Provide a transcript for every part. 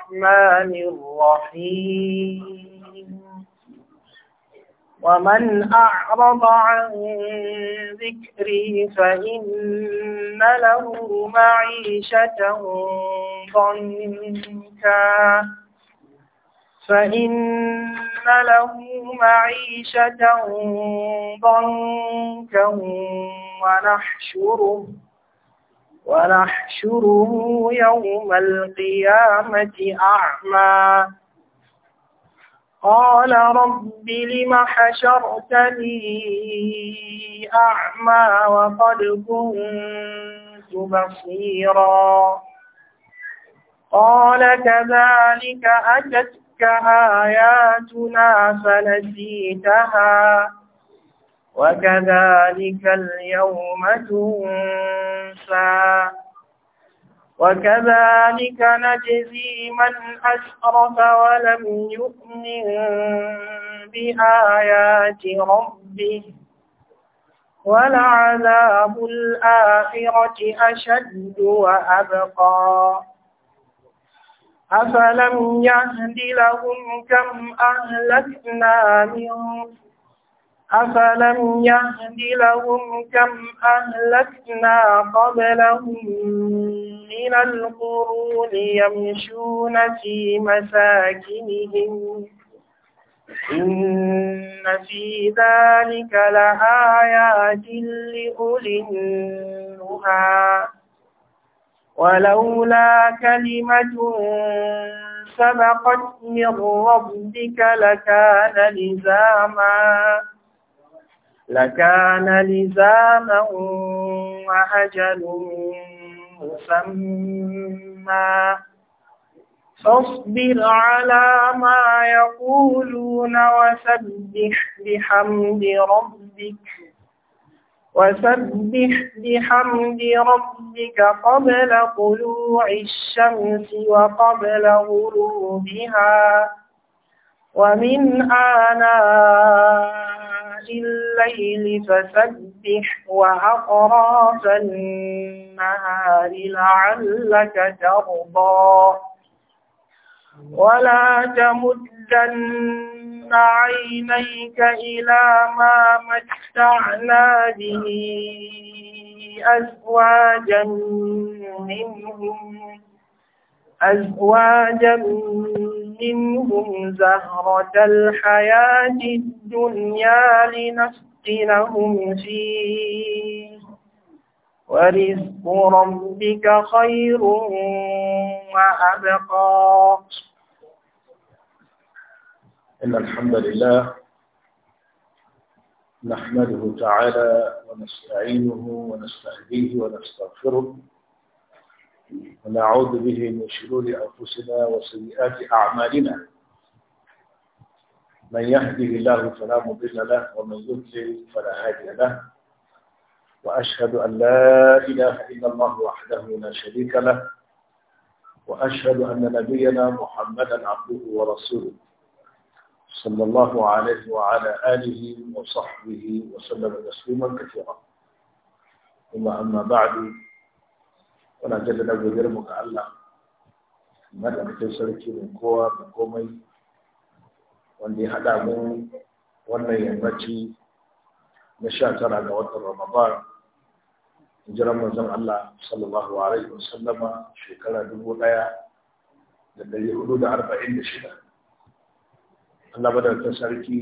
الرحمن الرحيم ومن أعرض عن ذكري فإن له معيشة ضنكا فإن له معيشة ضنكا ونحشره ونحشره يوم القيامة أعمى قال رب لم حشرتني أعمى وقد كنت بصيرا قال كذلك أتتك آياتنا فنسيتها وكذلك اليوم تنسى وكذلك نجزي من أسرف ولم يؤمن بآيات ربه ولعذاب الآخرة أشد وأبقى أفلم يهد لهم كم أهلكنا من أفلم يهد لهم كم أهلكنا قبلهم من القرون يمشون في مساكنهم إن في ذلك لآيات لأولي النهى ولولا كلمة سبقت من ربك لكان لزاما لكان لزاما وأجل مسمى فاصبر على ما يقولون وسبح بحمد ربك وسبح بحمد ربك قبل طلوع الشمس وقبل غروبها ومن آناء الليل فسبح وأطراف النهار لعلك ترضى ولا تمدن عينيك إلى ما متعنا به أزواجا منهم أزواجا منهم زهرة الحياة الدنيا لنفتنهم فيه ورزق ربك خير وأبقى إن الحمد لله نحمده تعالى ونستعينه ونستهديه ونستغفره ونعوذ به من شرور أنفسنا وسيئات أعمالنا من يهده الله فلا مضل له ومن يضلل فلا هادي له وأشهد أن لا إله إلا الله وحده لا شريك له وأشهد أن نبينا محمدا عبده ورسوله صلى الله عليه وعلى آله وصحبه وسلم تسليما كثيرا ثم أما بعد Wana jaddada godiyar mu ga Allah madaukakin sarki mai kowa da komai wanda ya haɗa mu wannan yammaci na sha tara ga watan Ramadan jiran manzon Allah sallallahu alaihi wa sallama shekara dubu ɗaya da ɗari hudu da arba'in da shida Allah madaukakin sarki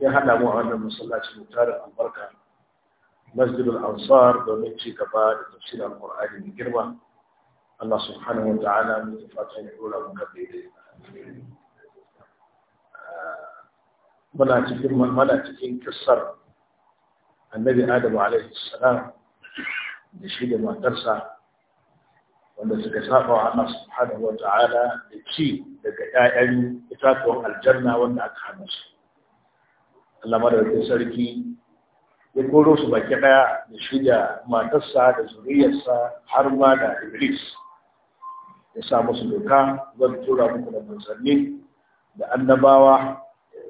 ya haɗa mu a wannan masallaci mu tarin albarka Masjid al ansar domin ci gaba da tafsirin Al-Qur'ani mai girma Allah subhanahu wa ta'ala mu fatan ya dora muka daidai muna cikin mana cikin kissar annabi adamu alaihi salam da shi da matarsa wanda suka saba wa Allah subhanahu wa ta'ala da ci daga ƴaƴan itatuwan aljanna wanda aka hana su Allah madaukakin sarki ya koro su baki daya da shi matarsa da zuriyarsa har ma da iblis ya sa musu doka zan tura muku da manzanni da annabawa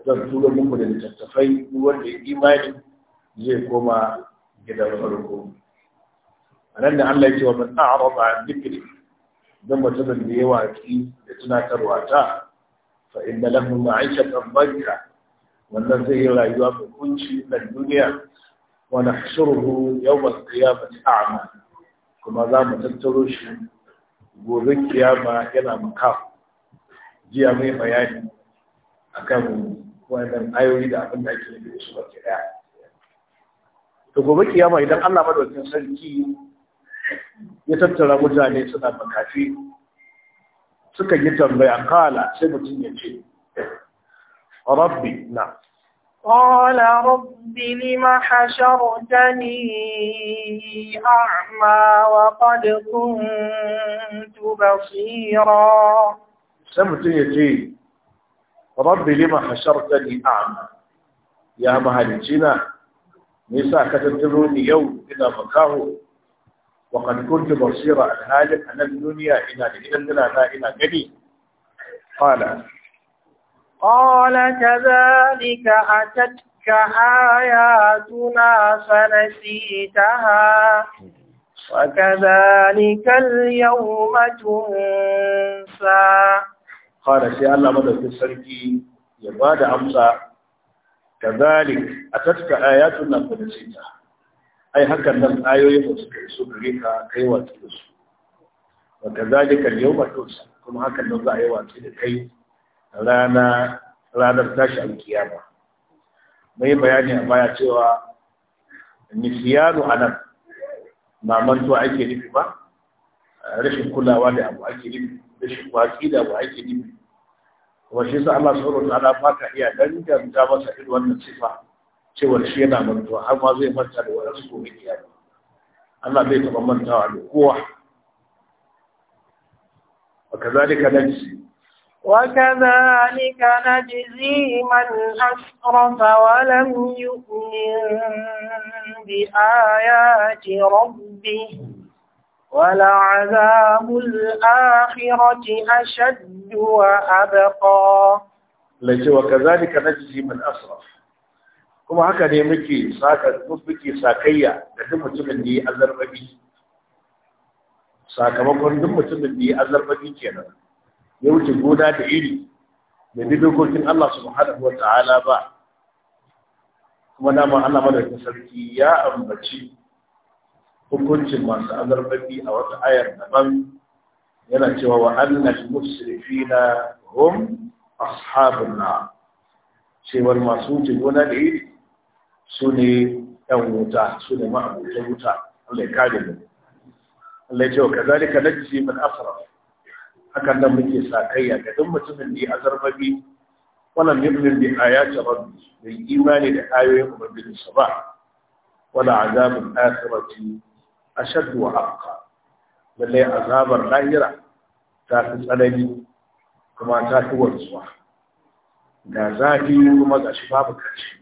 zan tura muku da littattafai wanda ya imani zai koma gidan farko a nan da Allah ya ce wa man a'rada an dhikri dan mutumin da yawa ki da tunatarwa ta fa inna lahu ma'isha dhanka wannan zai yi rayuwa mai kunci na duniya Wana ونحشره يوم القيامة أعمى كما زام تتروش gobe kiyama yana makaw jiya mai bayani akan wannan ayoyi da abin da ake nufi da su baki daya to gobe kiyama idan Allah madaukakin sarki ya tattara mutane suna makafi suka yi tambaya kala sai mutum ya ce rabbi na قال رب لم حشرتني أعمى وقد كنت بصيرا سمت يجي رب لم حشرتني أعمى يا مهلكنا نساء كتبتلوني يوم إلى مكاه وقد كنت بصيرا الهالك أنا الدنيا إلى إلى إلى إلى قدي قال قال كذلك أتتك آياتنا فنسيتها وكذلك اليوم تنسى قال سي الله مدد السركي يباد أمسى كذلك أتتك آياتنا فنسيتها أي هكذا من آيوي سكريكا كيوات وكذلك اليوم تنسى كما هكذا من آيوات كيوات rana ranar tashi alkiyama mai bayani a baya cewa nisiyanu a nan mamantuwa ake nufi ba rashin kulawa da abu ake nufi rashin kwaki da abu ake nufi kuma shi sa Allah subhanahu wa ta'ala iya iya danganta masa irin wannan sifa cewa shi yana mantuwa har ma zai manta da wadansu gobe kiyama Ana zai taɓa mantawa da kowa وكذلك نجزي وكذلك نجزي من أسرف ولم يؤمن بآيات ربه ولعذاب الآخرة أشد وأبقى لكي وكذلك نجزي من أسرف kuma haka ne muke saka muke sakayya da duk mutumin da ya azarbabi sakamakon duk mutumin da ya azarbabi kenan ya wuce gona da iri da bi dokokin Allah subhanahu wata'ala ba kuma dama Allah ta sarki ya ambaci hukuncin masu azarbabi a wata ayar daban yana cewa wa annal musrifina hum ashabun na cewar masu wuce gona da iri su ne ‘yan wuta su ne ma'abutan wuta Allah ya kare mu Allah ya ce wa kazalika najisi min asraf hakan nan muke sa kai ga duk mutumin da ya azarbabi wala yu'min bi ayati rabbi bai imani da ayoyin ubangiji sa ba wala azabul akhirati ashad wa abqa lalle azabar lahira ta fi tsanani kuma ta fi wanzuwa ga zafi kuma ga shi babu kashi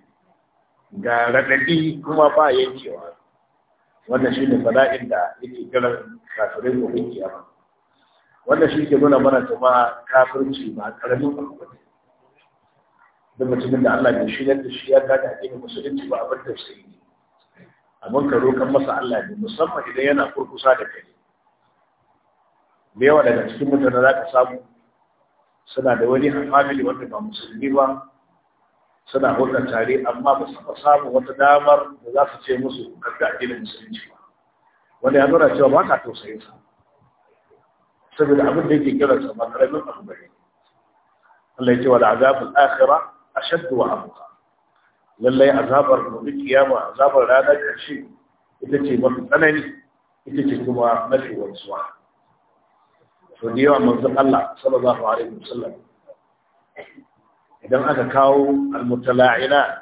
ga raɗaɗi kuma ba yankewa wannan shi ne bala'in da yake kiran kafirai gobe kiyama wanda shi ke nuna mana jama'a kafirci ba karamin abu da mutumin da Allah bai shirya da shi ya a addinin musulunci ba abin da sai ne abin karo rokan masa Allah ne musamman idan yana kurkusa da kai da yawa daga cikin mutane za ka samu suna da wani hafamili wanda ba musulmi ba suna hulɗar tare amma ba su samu wata damar da za su ce musu karfi addinin musulunci ba wanda ya nuna cewa ba ka tausayin sa saboda abin da yake kira sa ba karamin abu bane Allah yake wal azabul akhirah ashaddu wa abqa lallai azabar gobe kiyama azabar ranar karshe ita ce mafi tsanani ita ce kuma mafi wanzuwa to da yawa manzon Allah sallallahu alaihi wasallam idan aka kawo almutala'ina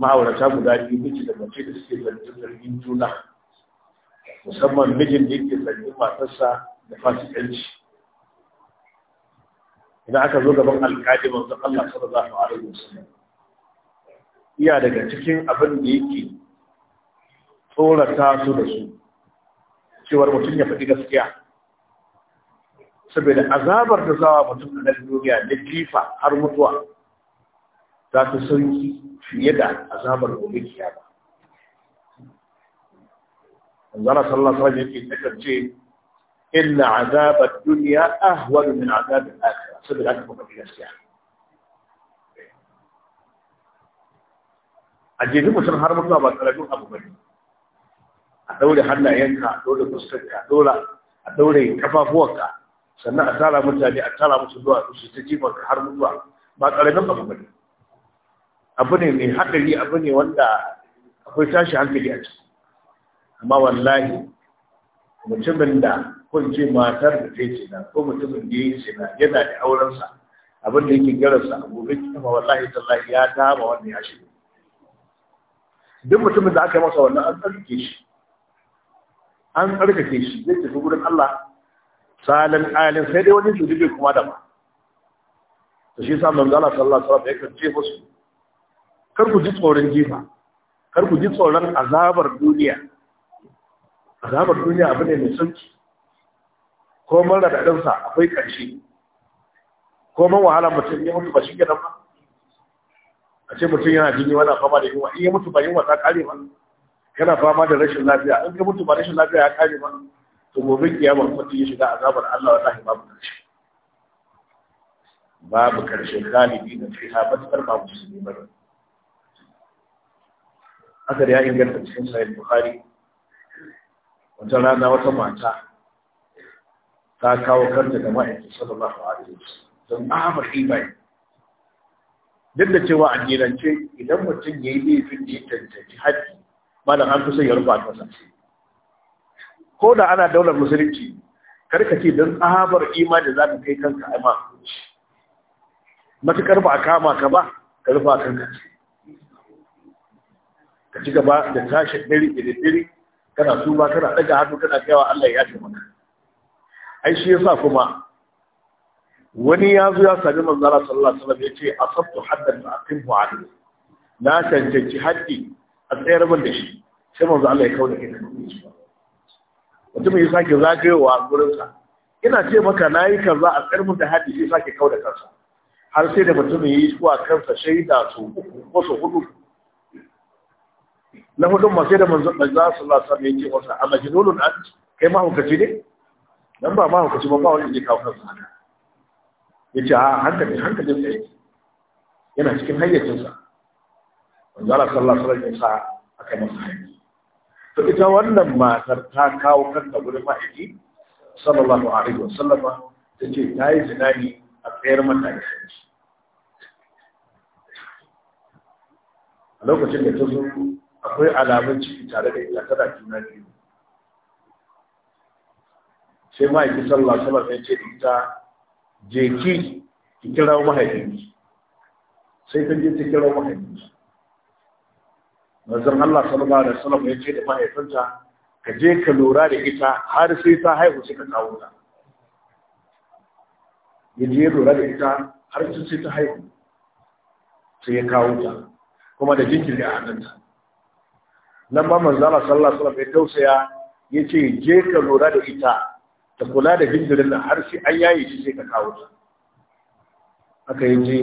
ma'aurata guda biyu miji da mace da suke zargin juna musamman mijin da yake zargin matarsa da fasikanci idan aka zo gaban alkali manzon Allah sallallahu alaihi wasallam iya daga cikin abin da yake tsorata su da su cewar mutum ya faɗi gaskiya saboda azabar da zawa mutum a nan duniya da kifa har mutuwa za ta sauki fiye da azabar gobe ba. zara sallallahu alaihi wasallam yake ce inna azabad dunya ahwal min azabin al-akhirah saboda aka kuma gaskiya a jefi mutum har mutuwa ba tsara karamin abu bane a ɗaure hannayenka a ɗaure fuskarka a ɗaure kafafuwanka sannan a tara mutane a tara musu zuwa su ta jimarka har mutuwa ba tsara karamin abu bane abu ne mai haɗari abu ne wanda akwai tashi hankali a ciki amma wallahi mutumin da kun ce matar da ta ce cina ko mutumin da ya yi ce na yana da aurensa abin da yake garansa, a gobe kuma wallahi tallahi ya dama wanda ya shi duk mutumin da aka masa wannan an tsarkake shi an tsarkake shi zai tafi gudun Allah salin alin sai dai wani su bai kuma da ba to shi yasa manzo Allah sallallahu alaihi wasallam ya kace musu kar ku ji tsoron jifa kar ku ji tsoron azabar duniya azabar duniya abu ne mai sauki ko da raɗaɗinsa akwai ƙarshe ko man wahala mutum ya mutu ba shi gina ba a ce mutum yana jini wani fama da yunwa in ya mutu ba yunwa ta ƙare ba yana fama da rashin lafiya in ya mutu ba rashin lafiya ya ƙare ba to gobe kiyama mutum ya shiga azabar Allah wallahi babu ƙarshe babu ƙarshe galibi da fiha ba ta karba musulmi ba haka da ya inganta cikin sahih bukhari wata rana wata mata ta kawo kanta ga ma'aikin sallallahu alaihi wasallam don ahmad ibai duk da cewa a nirance idan mutum ya yi laifin da ya tantance haƙƙi malam an fi son ya rufa kasa ko da ana daular musulunci karka ce don tsabar imani za ka kai kanka a makonci matukar ba a kama ka ba ka rufa kanka ka ci gaba da tashi ɗari ɗari ɗari kana tuba kana daga hannu kana kaiwa Allah ya yafe maka ai shi yasa kuma wani ya zo ya sami manzara sallallahu alaihi wasallam yace asabtu haddan fa aqimhu alayhi na cancanci haddi a tsayar min da shi sai manzo Allah ya kawo da kai mutum ya sake zagayowa gurin sa ina ce maka nayi kaza a tsayar min da haddi sai sake kawo kansa har sai da mutum ya yi zuwa kansa shaida su uku ko su hudu na hudun ma sai da manzon Allah sallallahu alaihi wasallam yake wasa a majnunun an kai ma hukaci ne dan ba ma hukaci ba ba wani zai kawo kansa ce a hankali hankalin sa yana cikin hayyacin sa manzon Allah sallallahu alaihi wasallam aka masa hayyaki to ita wannan matar ta kawo kanta gurin ma'aiki sallallahu alaihi wasallam ta ce ta yi zinani a tsayar mata da shi a lokacin da ta zo akwai alamun ciki tare da ita tana juna biyu sai ma'aiki sallah sallah ya ce ita je ki ki kira mahaifinki sai ta je ta kira mahaifinki manzon Allah sallallahu alaihi wasallam ya ce da mahaifinta ka je ka lura da ita har sai ta haihu sai ka kawo ta ya je lura da ita har sai ta haihu sai ya kawo ta kuma da jinkiri a hannunta nan ba manzo Allah sallallahu alaihi wasallam ya tausaya yace je ka lura da ita ta kula da jinjirin nan har sai an yaye shi sai ka kawo ta aka yi ji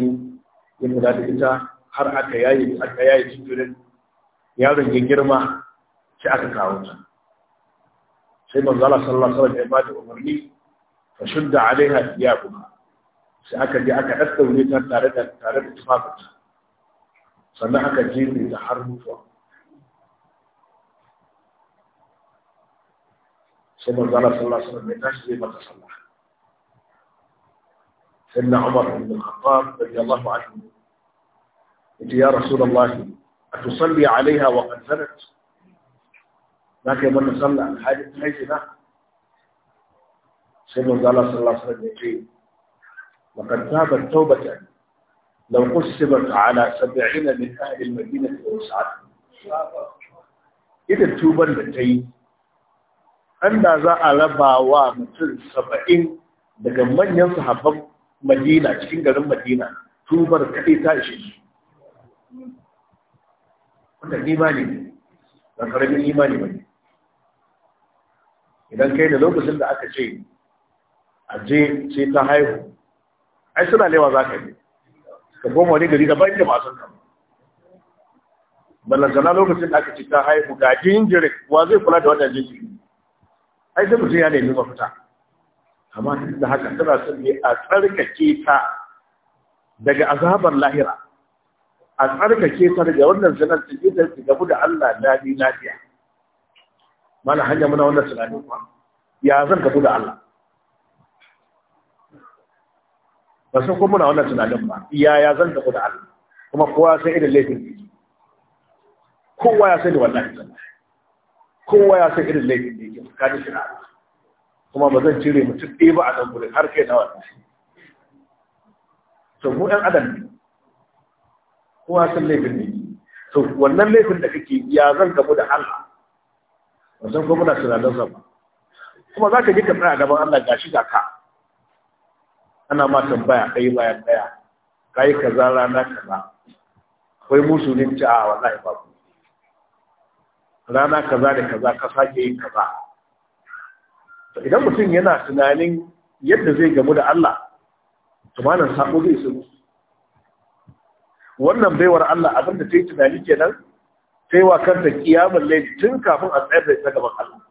ya lura da ita har aka yaye aka yayi jinjirin yaron ya girma sai aka kawo ta sai manzo Allah sallallahu alaihi wasallam ya bada umarni fa shudda alaiha iyakuma sai aka je aka daddaure ta tare da tare da tufafinta sannan aka jefe ta har mutuwa سيدنا manzo صلى الله عليه وسلم ya tashi ما تصلح سيدنا عمر بن الخطاب رضي الله عنه قلت يا رسول الله أتصلي عليها وقد زنت لكن من صلى على حاجة لا سيدنا قال صلى الله عليه وسلم يقول وقد تابت توبة لو قسمت على سبعين من أهل المدينة وسعتهم إذا التوبة التي an da za a raba wa mutum saba'in daga manyan sahabban madina cikin garin madina tubar kaɗai ta ishe su wanda imani ne ba ƙaramin imani ba ne idan kai da lokacin da aka ce a je sai ta haihu ai suna lewa za ka yi ka goma wani gari da bayan da masu kama ballantana lokacin da aka ce ta haihu ga jinjirin wa zai kula da wannan jinjirin ai sai mutum ya nemi mafita amma duk da haka tana son ne a tsarkake ta daga azabar lahira a tsarkake ta daga wannan sanar ta ita ta gabu da Allah dadi lafiya mana hanya muna wannan tunani kuma ya zan gabu da Allah ba sun kuma muna wannan tunanin ba iya ya zan gabu da Allah kuma kowa sai irin laifin kowa ya sai da wallahi sallah kowa ya san irin laifin da yake kaji shi na kuma ba zan cire mutum ɗaya ba a nan gurin har kai nawa to mu ɗan adam ne kowa san laifin da yake to wannan laifin da kake ya zan gamu da Allah ba zan gamu da tunanin sa ba kuma za ka ji ka tsaya gaban Allah gashi ga ka ana ma tambaya ɗaya bayan ɗaya ka yi kaza rana kaza akwai musu ne ci a wallahi babu rana kaza da kaza ka sake yin kaza idan mutum yana tunanin yadda zai gamu da Allah to malan sako zai su wannan baiwar Allah abinda ta yi tunani kenan ta yi wa kanta kiyamul laifi tun kafin a tsayar da ita gaban Allah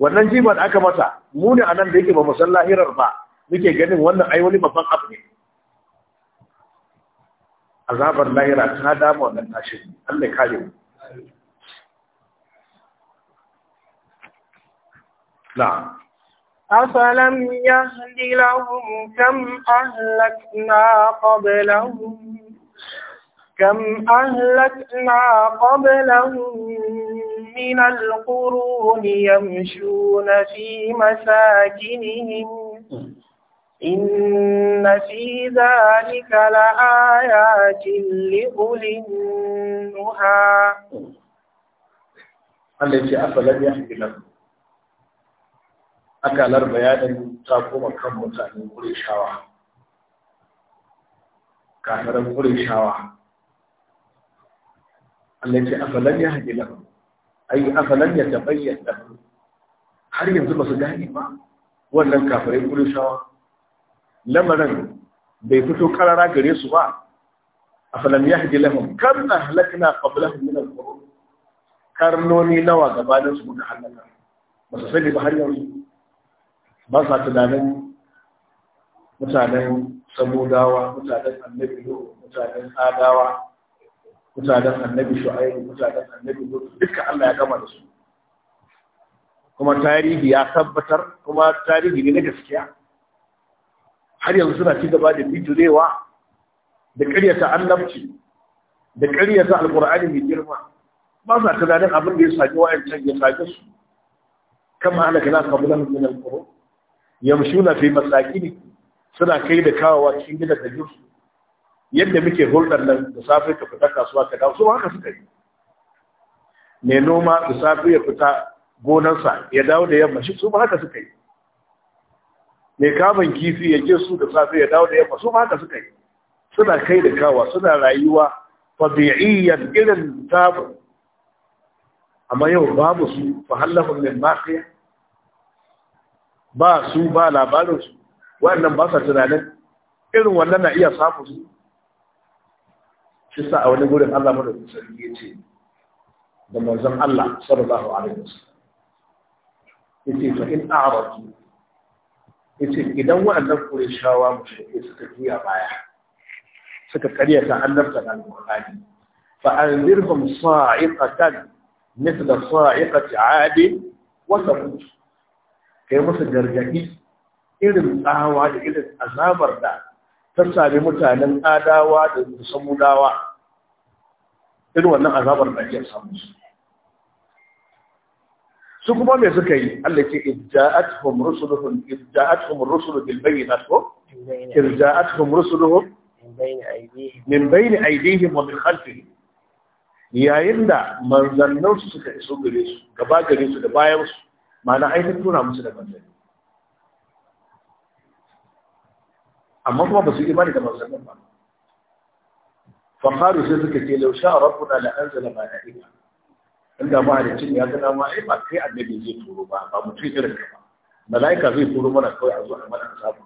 wannan da aka mata mu ne anan da yake ba musallahirar ba muke ganin wannan ai wani babban abu ne azabar lahira ta dama wannan tashin Allah ya kare mu نعم أفلم يهد لهم كم أهلكنا قبلهم كم أهلكنا قبلهم من القرون يمشون في مساكنهم إن في ذلك لآيات لأولي النهى Allah ya ce afalar ya fi nan akalar bayanin ta koma kan mutanen ƙurishawa kasarar shawa. Allah ya ce afalar ya fi nan ai afalar ya tabayyana har yanzu ba su gani ba wannan kafirai shawa? lamarin bai fito karara gare su ba A afalam yahdi lahum kam ahlakna qablahum min al-qurun karnoni nawa gabanin su muka halaka ba su sani ba har yanzu ba sa tunanin mutanen samudawa mutanen annabi nuhu mutanen adawa mutanen annabi shu'aibu mutanen annabi nuhu duka Allah ya gama da su kuma tarihi ya tabbatar kuma tarihi ne na gaskiya har yanzu suna ci gaba da bijirewa da ƙaryata annabci da ƙaryata alƙur'ani mai girma ba sa tunanin abin da ya sami wa'ancan ya sami su kama halaka na kamulan min yamshu na fi ne, suna kai da kawowa cikin gidan da jinsu yadda muke hulɗar nan da safe ka fita kasuwa ka dawo su haka suka yi mai noma da safe ya fita gonarsa ya dawo da yamma shi su ba haka suka yi mai kamun kifi ya je su da safe ya dawo da yamma su ma haka suka yi suna kai da kawa suna rayuwa fabi'iyyar irin tabu amma yau babu su fa hallafin min maqiya ba su ba labarin su wannan ba sa tunanin irin wannan na iya samu su shi sa a wani gurin Allah madaukakin sarki ya ce da manzon Allah sallallahu alaihi wasallam yace fa in a'radu yace idan wa'annan Qurayshawa mushrike suka juya baya suka karyata annabta da Al-Qur'ani fa anzirhum sa'iqatan مثل صاعقة عاد وثمود kai musu gargaɗi irin tsawa da irin azabar da ta mutanen adawa da samudawa irin azabar da ake su su kuma me suka yi Allah ce idja'atuhum rusuluhum idja'atuhum rusulu bil bayyinat ko idja'atuhum rusuluhum min bayni aydihim wa min khalfihim yayin da manzannin su suka iso gare su gaba gare su da bayan su ma'ana ainihin tura musu da manzanni amma kuma ba su imani da manzannin ba fa qalu sai suka ce law sha rabbuna la anzala mala'ika inda ba da cin ya gana ma ai ba kai annabi zai turo ba ba mutum irin ka ba malaika zai turo mana kawai a zuwa a mana sabu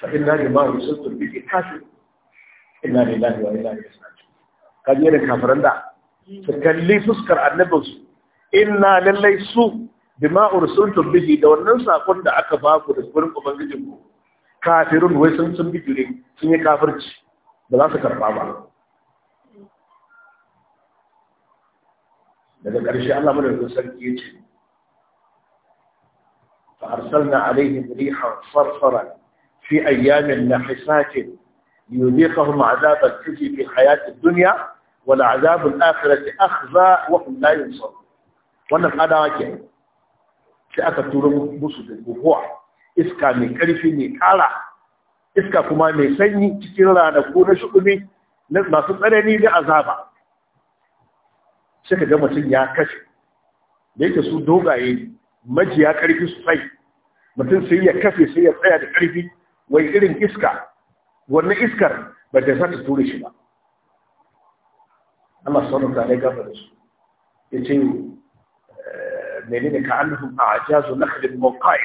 fa inna lillahi wa inna ilaihi raji'un inna lillahi wa inna ilaihi raji'un kaje da kafiran da su kalli fuskar annabinsu inna lallai su bima ursultum bihi da wannan sakon da aka ba ku da gurin ubangijinku kafirun wai sun sun bijire sun yi kafirci ba za su karba ba daga ƙarshe Allah madaukakin sarki ya ce fa arsalna alaihim rihan sarsaran fi ayyamin nahisatin yuziqahum azab al-khizy fi hayat ad-dunya wal azab al-akhirati akhza wa hum la yunsarun wannan adawa ke sai aka turo musu da guguwa iska mai karfi mai kara iska kuma mai sanyi cikin ranaku na shudumi masu tsanani da azaba sai ka ga mutum ya kashe da yake su dogaye majiya karfi sosai mutum sai ya kafe sai ya tsaya da karfi wai irin iska wannan iskar ba ta sa ta ture shi ba amma sauran ka ne gafa da su ya ce eh, menene ka annahu a ajazu nakhlin muqai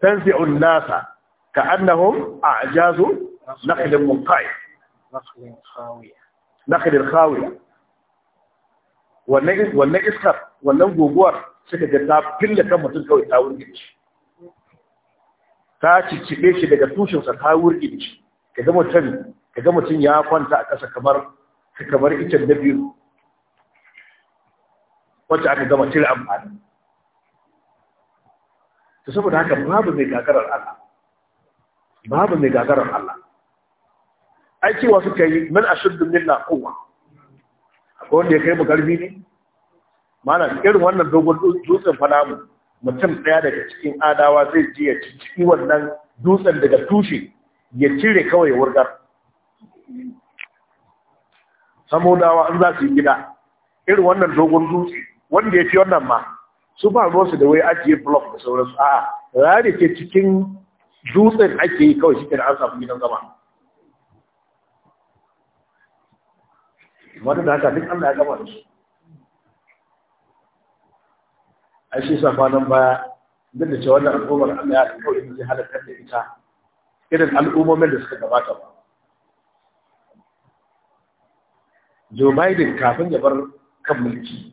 tanzi'u an-nasa ka annahum a ajazu nakhlin muqai nakhlin khawiya nakhlin khawiya wannan iskar wannan guguwar suka ga ta fille kan mutum kawai ta wurgici ta cicciɓe shi daga tushensa ta wurgici ka ga mutum ka ga mutum ya kwanta a ƙasa kamar kamar icen na biyu wacce aka gama cire amfani ta saboda haka babu mai gagarar Allah babu mai gagarar Allah ai cewa suka yi min ashuddun lillah kowa ko wanda ya kai mu karfi ne mana irin wannan dogon dutsen fada mu mutum daya daga cikin adawa zai je ya ciki wannan dutsen daga tushe ya cire kawai ya wurgar samodawa an za su yi gida irin wannan dogon dutse wanda ya fi wannan ma su ba su da wai ajiye block da sauransu a'a rari ke cikin dutsen ake yi kawai shi an samu gidan zama wanda da haka duk Allah ya gama da su shi kwanan baya duk da cewa wannan al'ummar Allah ya ɗauko ita zai halakar da ita irin al'ummomin da suka gabata ba Joe Biden kafin ya bar kan mulki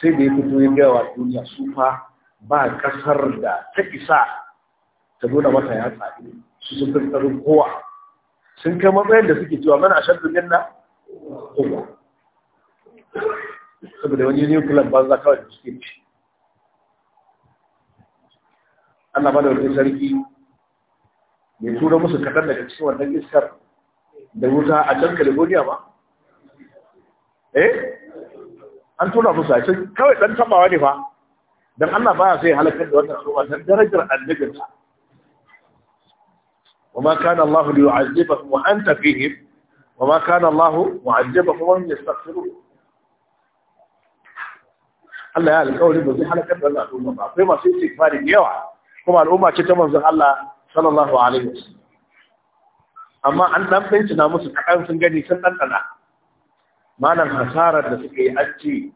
sai da ya fito ya gaya duniya su fa ba kasar da ta isa ta nuna mata ya tsari su sun fi tsarin kowa sun kai matsayin da suke cewa mana a shan duniyan na saboda wani yin ba za kawai da suke ci Allah ba da wani sarki mai tura musu kaɗan daga cikin wannan iskar da wuta a can California ba? Eh? An tura musu a can kawai ɗan tabawa ne fa, don Allah ba sai halakar da wannan al'umma don darajar annabinsa. وما كان الله ليعذبهم وأنت فيهم wa ma kana Allahu mu'ajjaba kuma yastaghfiru Allah ya alƙawari ba zai halakar da al'umma ba akwai masu istighfari da yawa kuma al'umma ce ta manzon Allah sallallahu alaihi wasallam amma an dan bincina musu kan sun gani sun dan dana hasarar da suka yi an ce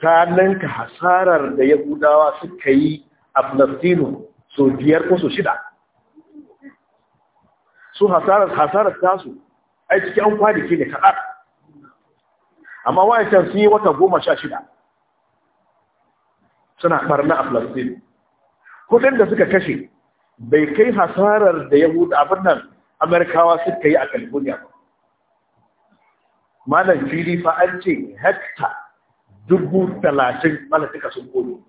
ta ninka hasarar da yahudawa suka yi a Falastinu so biyar ko shida su hasarar hasarar tasu ai ciki an kwanaki ne kaɗan amma wa'ancan sun yi wata goma sha shida suna ɓarna a Falastin. Kudin da suka kashe bai kai hasarar da Yahuda abin nan Amerikawa suka yi a California ba. Malam fili fa an ce hekta dubu talatin malam suka sun kodo.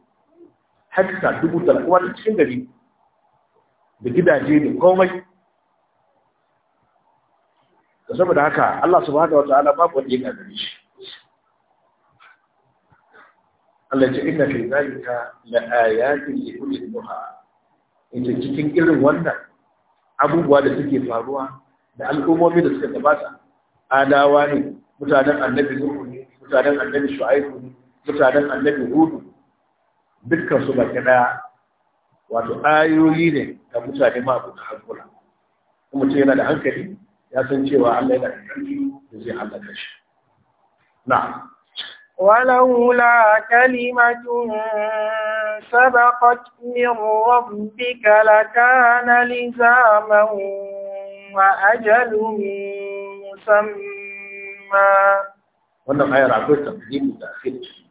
Hekta dubu talatin wani cikin gari da gidaje da komai saboda haka Allah subhanahu wataala babu wanda yana gagare shi Allah ce inna fi zalika la ayatin li kulli duha inda cikin irin wannan abubuwa da suke faruwa da al'ummomi da suka gabata adawa ne mutanen annabi nuhu ne mutanen annabi shu'aibu ne mutanen annabi hudu dukkan su baki daya wato ayoyi ne ga mutane ma abu da hankula ce yana da hankali ya san cewa Allah yana da zai halaka shi. Na. Walaula kalimatun sabaqat min rabbika lakana lizaman wa ajalun musamma. Wannan ayar akwai tafsiri da fitri.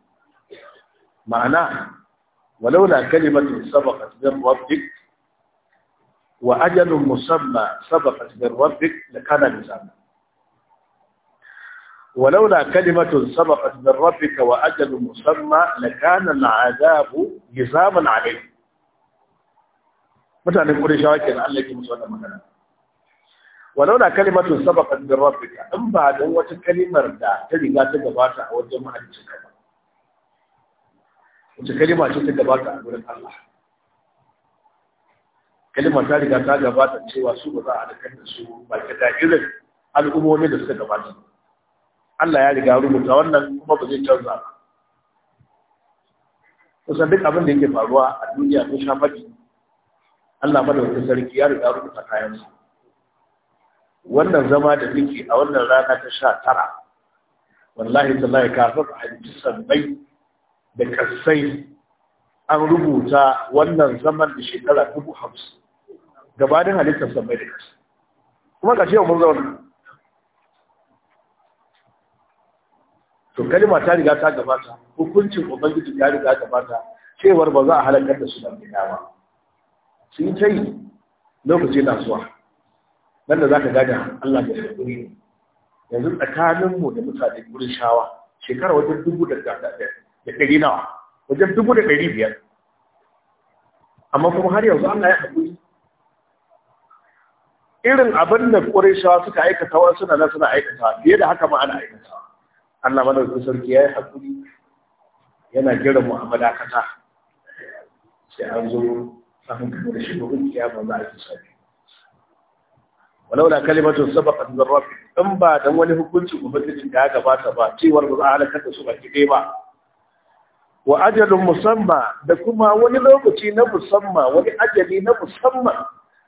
Ma'ana walaula kalimatun sabaqat min rabbika wa ajalun musamma sabaqat min rabbik lakana lisanna ولولا كلمة سبقت من ربك وأجل مسمى لكان العذاب جزاما عليه متى نقول شواكي أن الله يكون سؤال مكانا ولولا كلمة سبقت من ربك إن بعد هو كلمة دا تلقى تقباتا أو جمع الجكبة وتكلمة تقباتا أقول الله kalimar ta riga ta gabata cewa su ba za a da kanta su ba ka da irin al'ummomi da suka gabata Allah ya riga rubuta wannan kuma ba zai canza ba kusan duk abin da yake faruwa a duniya ko shafaki Allah da wata sarki ya riga rubuta kayansa wannan zama da muke a wannan rana ta sha tara wallahi tallahi kafin a ji sannan da kasai an rubuta wannan zaman da shekara dubu hamsin gabanin halittar sammai da ƙasa kuma ƙarshe mun zauna to kalima ta riga ta gabata hukuncin ubangiji ya riga gabata cewar ba za a halakar da su da ba su yi ta yi lokaci na zuwa nan da za ka gane Allah da haƙuri ne yanzu tsakaninmu da mutane wurin shawa shekara wajen dubu da ɗari nawa wajen dubu da ɗari biyar amma kuma har yanzu Allah ya haƙuri irin abin da ƙurishawa suka aikata wa suna nan suna aikata fiye da haka ma ana aikata Allah madaukakin sarki ya yi haƙuri yana gira mu a madakata sai an zo an kawo da shi gobin kiyama za a yi sabi walaula kalimatun sabaqat min rabbi in ba don wani hukuncin ubangijin da ya gabata ba cewar ba za a halaka su baki ɗaya ba wa ajalun musamman da kuma wani lokaci na musamman wani ajali na musamman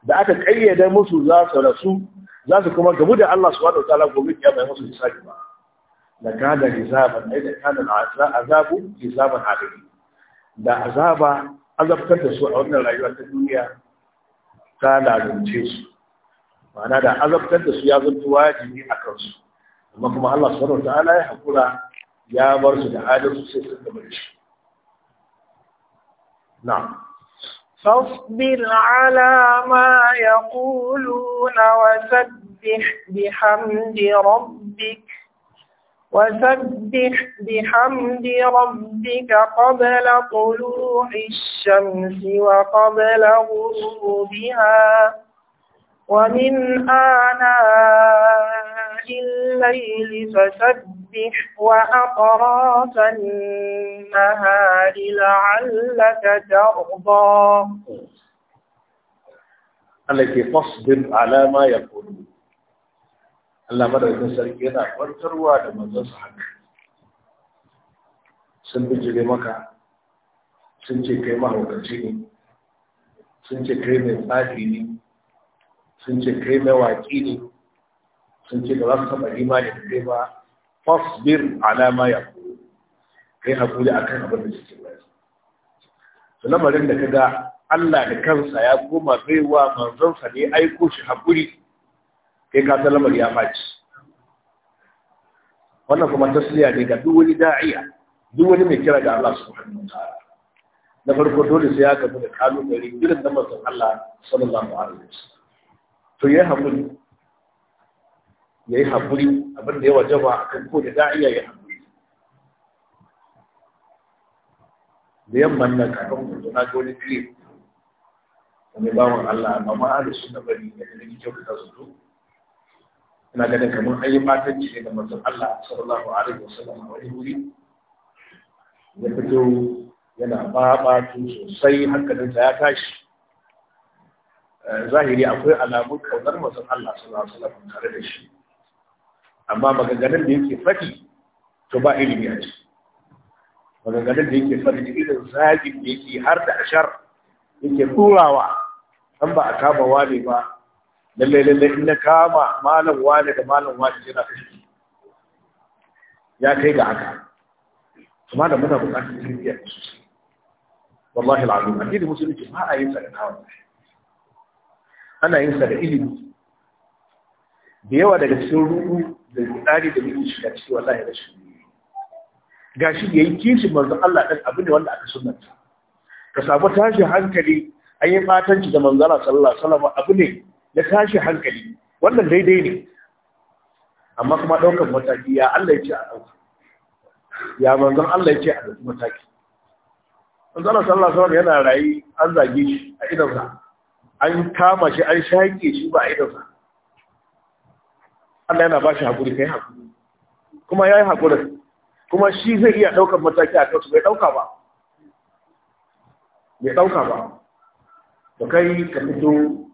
da aka kayyade musu za su rasu za su kuma gabu da Allah subhanahu wa ta'ala gobe ya bai musu hisabi ba la kana hisaban ai da kana azabu hisaban hadiri da azaba azabtar da su a wannan rayuwa ta duniya ta lalunce su ma'ana da azabtar da su ya zanto wajibi a kansu amma kuma Allah subhanahu wa ta'ala ya hakura ya bar su da halin su sai su gama shi na'am فاصبر على ما يقولون وسبح بحمد ربك وسبح بحمد ربك قبل طلوع الشمس وقبل غروبها ومن آناء الليل فسبح وأطراف النهار لعلك ترضى التي تصبر على ما يقولون Allah madaukakin sarki yana kwantarwa da manzansa haka sun bijire maka sun ce kai mahaukaci ne sun ce kai mai tsafi ne sun ce kai mawaƙi ne sun ce ba za su taɓa imani da kai ba fasbir alama ya kuru kai haƙuri a kan abin da suke bayar su lamarin da ka ga Allah da kansa ya koma baiwa manzansa ne aiko shi haƙuri kai ka ta lamar ya faci wannan kuma tasliya ne ga duk wani da'iya duk wani mai kira ga Allah su wa na farko dole sai ya gamu da kalubale irin na manzon Allah sallallahu alaihi wasallam to yayi hakuri yayi hakuri abin da ya wajaba a ko da da'iya ya hakuri da yamman na kakan kudu na ga wani clip wani bawan Allah amma ma ahli na bari ne da nake da su to ina ganin kamar an yi matanci ne da manzon Allah sallallahu alaihi wasallam a wani wuri ya fito yana babatu sosai hankalinsa ya tashi zahiri akwai alamun kaunar mazan Allah na su lafi tare da shi amma maganganun da yake faɗi to ba ilimi a ciki maganganun da yake faɗi da irin zagin da yake har da ashar yake turawa an ba a kama wane ba lallai lallai in na kama malam wane da malam wane yana kashi ya kai ga haka kuma da muna buƙatar tarbiyyar sosai wallahi al'azim addinin musulunci ba a yin sa da ana yin sa da ilimi da yawa daga cikin ruɗu da tsari da muke shiga ciki wallahi da shi gashi da yi kishin manzo Allah dan abu ne wanda aka sunnanta ka samu tashi hankali an yi fatanci da manzala sallallahu alaihi wasallam abu ne da tashi hankali wannan daidai ne amma kuma ɗaukar mataki ya Allah ya ce a dauka ya manzo Allah ya ce a ɗauki mataki manzon Allah sallallahu alaihi wasallam yana rayi an zage shi a sa an kama shi an shaƙe shi ba a sa Allah yana ba shi haƙuri kai haƙuri kuma ya yi haƙuri kuma shi zai iya ɗaukar mataki a kansu bai ɗauka ba bai ɗauka ba da kai ka fito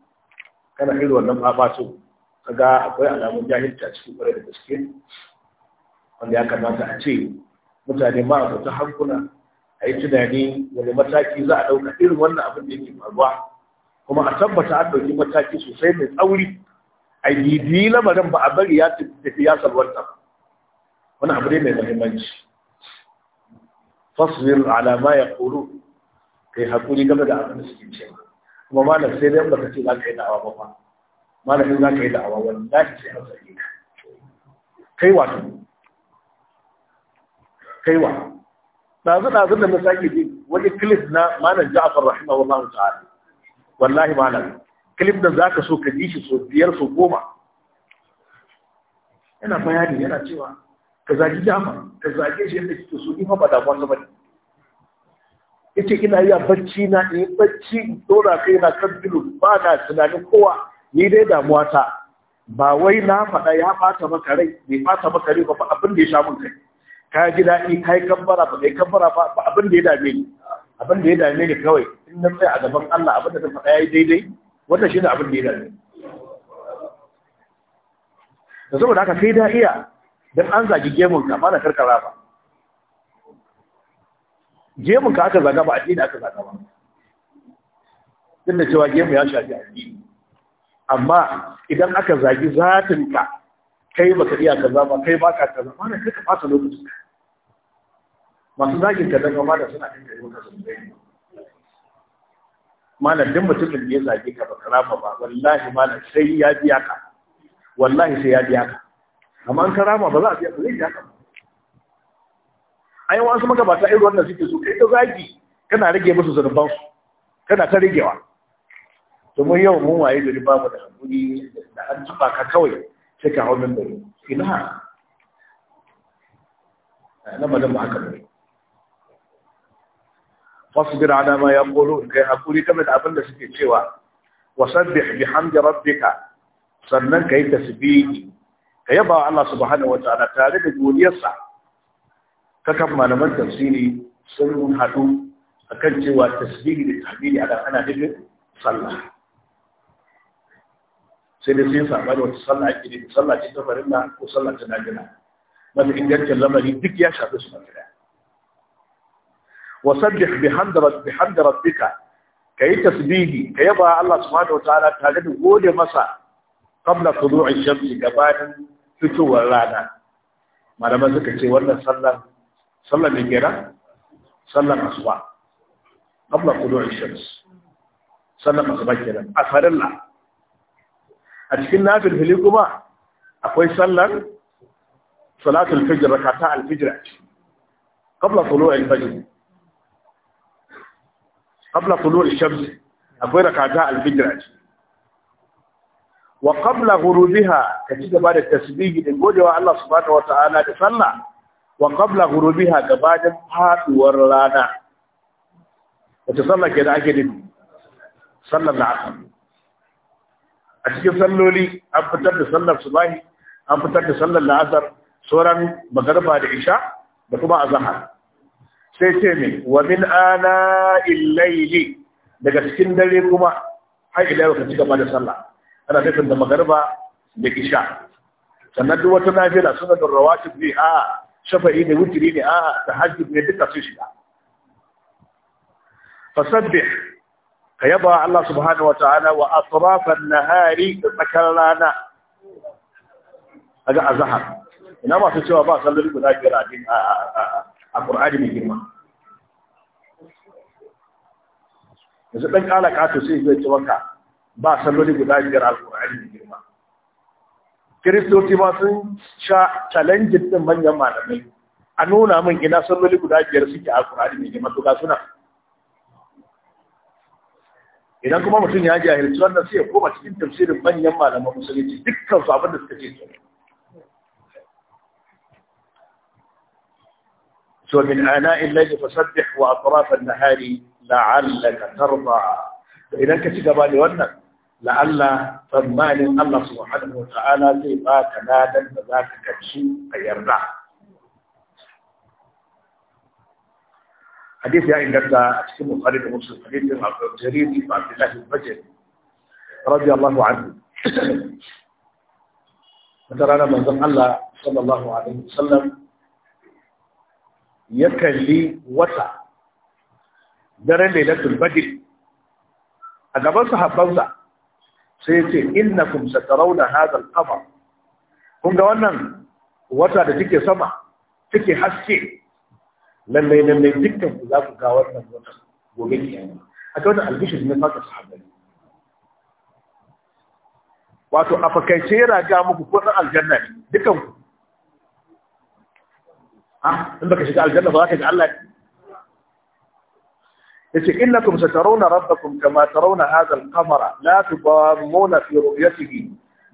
kana irin wannan Ka kaga akwai alamun jahilta a cikin ƙwarai da gaske wanda ya kamata a ce mutane ma a hankuna a yi tunani wani mataki za a ɗauka irin wannan abin da yake faruwa kuma a tabbata an ɗauki mataki sosai mai tsauri a bibiyi lamarin ba a bari ya tafi ya salwanta wani abu ne mai muhimmanci fasbir alama ya koro kai hakuri game da abin da suke cewa kuma malam sai dai ka ce za ka yi da'awa ba fa malamin za ka yi da'awa wallahi sai an sake ka kai wa kai wa ɗazu na da bi wani clip na malam ja'afar rahimahullahu ta'ala wallahi malam clip da zaka so ka ji shi so biyar so goma yana bayani yana cewa ka zagi dama ka zage shi yadda kike so ni fa ba damuwa na bane yace ina iya bacci na in bacci dora kai na kan bilu ba na tunanin kowa ni dai damuwa ta ba wai na faɗa ya fata maka rai bai fata maka rai ba abin da ya sha mun kai ka ji daɗi ka yi kambara, ba kai kambara ba abin da ya dame ni abin da ya dame ni kawai in na tsaya a gaban Allah abin da zan faɗa yayi daidai wannan shine abin da ya dame da saboda haka kai da iya dan an zagi gemun ka bana karkara ba gemun ka aka zaga ba addini aka zaga ba din da cewa gemu ya shafi addini amma idan aka zagi zatin ka kai baka iya kaza ba kai baka kaza mana kai ka fata lokacin masu zagin ka daga ma da suna kan kare maka sosai malam din mutumin da ya zage ka ba karama ba wallahi malam sai ya biya ka wallahi sai ya biya ka amma an karama ba za a biya ka, zai biya ka ai wasu magabata irin wannan suke so kai ta zagi kana rage musu zunuban su kana ta ragewa to mun yau mun waye gari babu da hankuri da an tuba ka kawai sai ka hau nan da ina na madan ba haka ne fasbir ala ma yaqulun kai hakuri game da abin da suke cewa wasabbih bihamdi rabbika sannan kai tasbihi ka yaba Allah subhanahu wataala tare da godiyarsa ka kan malaman tafsiri sun hadu akan cewa tasbihi da tahmidi ala ana nufin sallah sai da sai saba wata sallah ake da sallah ce ta farilla ko sallah ta nafila mafi ingancin lamari duk ya shafi su na gida wa sabbih bihamdi rabbika kayi tasbihi ka yaba Allah subhanahu wataala tare da gode masa qabla tulu'i shamsi gabanin fitowar rana malaman suka ce wannan sallar sallar ne kenan sallar asuba qabla tulu'i shams sallar asuba kenan a farilla a cikin nafil fili kuma akwai sallar salatul fajr rakata al fajr qabla tulu'i al fajr qabla tulu'i shams akwai rakata al-fajr a ciki wa qabla ghurubiha ka ci gaba da tasbihi din godewa Allah subhanahu wata'ala da sallah wa qabla ghurubiha gabanin faduwar rana wata sallah ke da ake nufi sallar da aka a cikin salloli an fitar da sallar subahi an fitar da sallar la'asar sauran magarba da isha da kuma azahar sai ce min, wa min ana illaili daga cikin dare kuma har da ka ci gaba da sallah ana nufin da magarba da isha sannan duk wata nafila suna da rawatib ne a shafa'i ne wutiri ne a hajji ne duka sun shiga fasabbih ka yaba Allah subhanahu wa ta'ala wa na nahari da tsakar rana kaga azhar ina masu cewa ba sallar guda biyar a a ƙur'ani mai girma yanzu ɗan ƙala ƙato sai zai ci wanka, ba salloli guda biyar a ƙur'ani mai girma kiristoci ma sun sha challenge ɗin manyan malamai a nuna min ina salloli guda biyar suke a ƙur'ani mai girma to ga suna idan kuma mutum ya jahilci wannan sai ya koma cikin tafsirin manyan malaman musulunci dukkan su abin da suka ce su ومن آناء الليل فسبح وأطراف النهار لعلك ترضى إذا كتب بالي ولنا لعل فمان الله سبحانه وتعالى ذاك نادى ذاك كتشي أيرنا حديث يا إنك تسمى خالد مسلم حديث عبد الجرير عبد الله البجر رضي الله عنه فترى أنا من الله صلى الله عليه وسلم ya kalli wata daren lailatul badr a gaban sahabbansa sai ya ce innakum satarawna hadha al-qamar kun ga wannan wata da take sama take haske lallai lallai dukkan ku za ku ga wannan wata gobe kiyama akwai wata albishir ne fata sahabbai wato Afakai ce yana ga muku ko dan aljanna ne ku ah in baka shiga aljanna ba za ka ga Allah yace innakum satarawna rabbakum kama tarawna hadha al-qamara la tudammuna fi ru'yatihi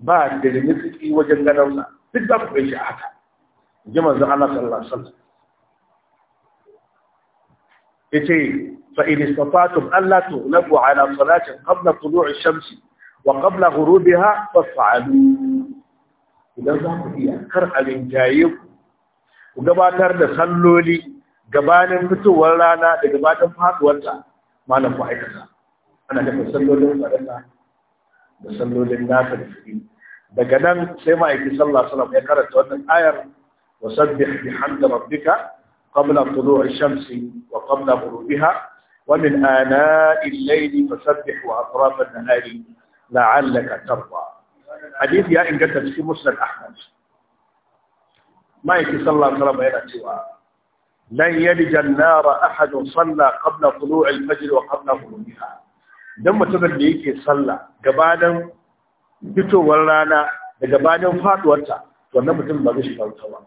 ba da nufi wajen ganin sa duk za ku gaishe haka ji manzo Allah sallallahu alaihi wasallam yace fa in istata'tum an la tughlabu ala salatin qabla tulu'i ash-shamsi wa qabla ghurubiha fas'alu idan za ku iya kar a rinjaye ku gabatar da salloli gabanin fitowar rana da gabatar faduwarta malam ku aikata ana dafa sallolin farilla da sallolin nasa da fili daga nan sai ma'aikin sallah sallam ya karanta wannan ayar wa sabbih bihamdi rabbika qabla tulu'i shamsi wa qabla ghurubiha wa min ana'i al-layli fasabbih wa atraf an-nahari la'allaka tarda hadith ya inganta cikin musnad ahmad مايكي صلى الله عليه yana cewa lan yalija an-nara ahadun salla qabla tulu'i al-fajr wa qabla ghurubiha dan mutumin da yake salla gabanin fitowar rana da gabanin faduwarta wannan mutum ba zai shiga ba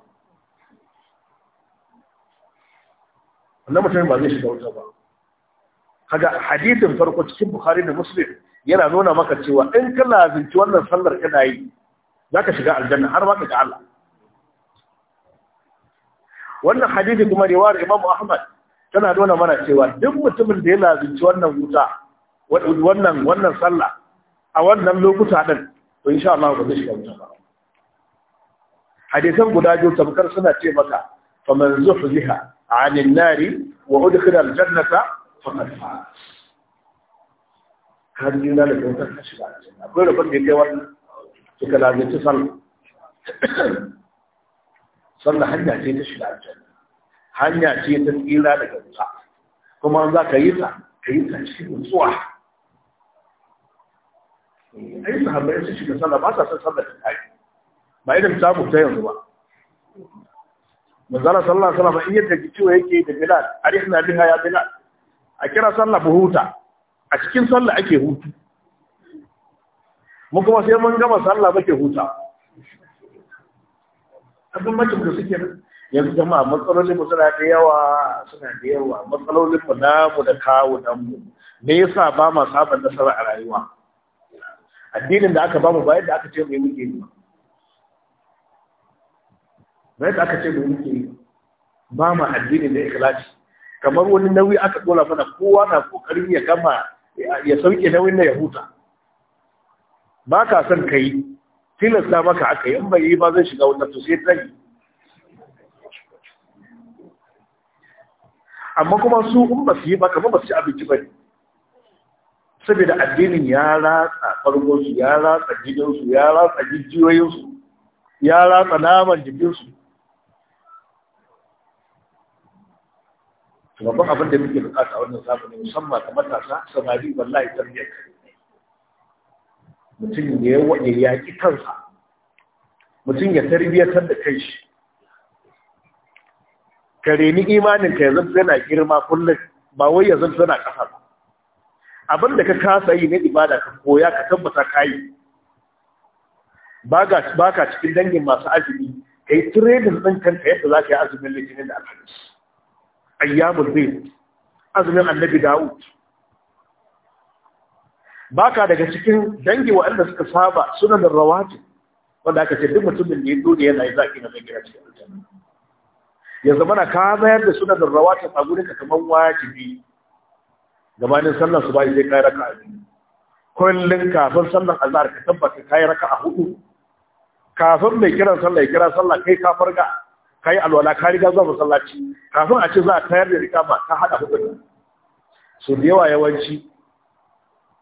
ba zai kaga farko cikin bukhari da muslim yana nuna maka cewa in ka lazinci wannan sallar kana yi zaka shiga aljanna har ma ka ga Allah wannan hadisi kuma riwayar Imam Ahmad tana nuna mana cewa duk mutumin da ya lazimci wannan wuta wannan wannan sallah a wannan lokuta din to insha Allah ba zai shiga wuta ba hadisan guda biyu tabbatar suna ce maka faman zuhziha 'anil nari wa udkhila aljannata jannata faqad faz har da kyautar shiga akwai da ya kai wannan suka lazimci sallah sallah hanya ce ta shiga aljanna hanya ce ta tsira daga wuta kuma za ka yi ta ka yi ta cikin nutsuwa ai sahabbai sun shiga sallah ba sa son sallah ta kai ba idan ta ta yanzu ba manzala sallah sallah wasallam in yadda ciwo yake da bilal arihna biha ya bilal a kira sallah buhuta a cikin sallah ake hutu mu kuma sai mun gama sallah muke huta abin macin da suke yanzu jama'a matsalolin mu suna da yawa suna da yawa matsalolin mu namu da kawo mu me yasa ba ma samun nasara a rayuwa addinin da aka ba mu bayan da aka ce mu yi muke ne bayan da aka ce mu yi muke ne ba ma addinin da ikhlasi kamar wani nauyi aka dora mana kowa na kokarin ya gama ya sauke nauyin na ya huta ba ka son ka yi tilasta maka aka yi in bai yi ba zai shiga wannan to sai tsayi amma kuma su in ba su yi ba kamar ba su ci abinci ba saboda addinin ya ratsa su, ya ratsa gidansu ya ratsa jijiyoyinsu ya ratsa naman jikinsu babban abin da muke bukata wannan zamanin musamman ga matasa samari wallahi tarbiyyar mutum ya ya yaƙi kansa mutum ya tarbiyyatar da kai shi ka reni imanin ka yanzu yana girma kullum ba wai yanzu yana ƙasa ba abin da ka kasa yi na ibada ka koya ka tabbata kayi yi ba ka cikin dangin masu azumi ka yi da ɗin kanka yadda za ka yi azumin litinin da alhamis ayyamun zai azumin annabi dawud baka daga cikin dangi waɗanda suka saba suna da rawati wanda aka ce duk mutumin da ya dole yana yi zaki na zai gina cikin aljanna ya zama na ka bayar da da rawati a gurin ka kamar wajibi gabanin sallar su ba zai kai raka'a biyu kullun kafin sallar azhar ka tabbata kai raka'a hudu kafin mai kiran sallah ya kira sallah kai ka farga kai alwala ka riga zuwa masallaci kafin a ce za a tayar da rikama ka hada hudu su da yawa yawanci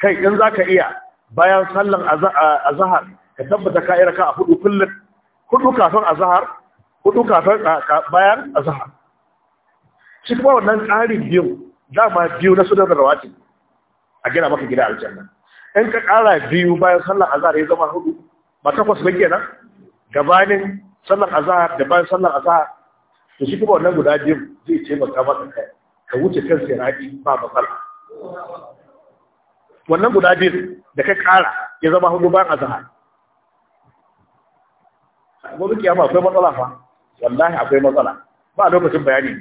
kai in za ka iya bayan sallan azahar ka tabbata ka iraka a hudu kullum hudu kafin azahar hudu kafin bayan azahar shi kuma wannan tsarin biyu dama biyu na sunan rawatib a gina maka gida aljanna in ka ƙara biyu bayan sallan azahar ya zama hudu ba takwas ba kenan gabanin sallan azahar da bayan sallan azahar to shi kuma wannan guda biyu zai taimaka maka kai ka wuce kan sirati ba matsala wannan guda biyu da ka ƙara ya zama hudu ba a azahar gobe kiyama akwai matsala fa wallahi akwai matsala ba a lokacin bayani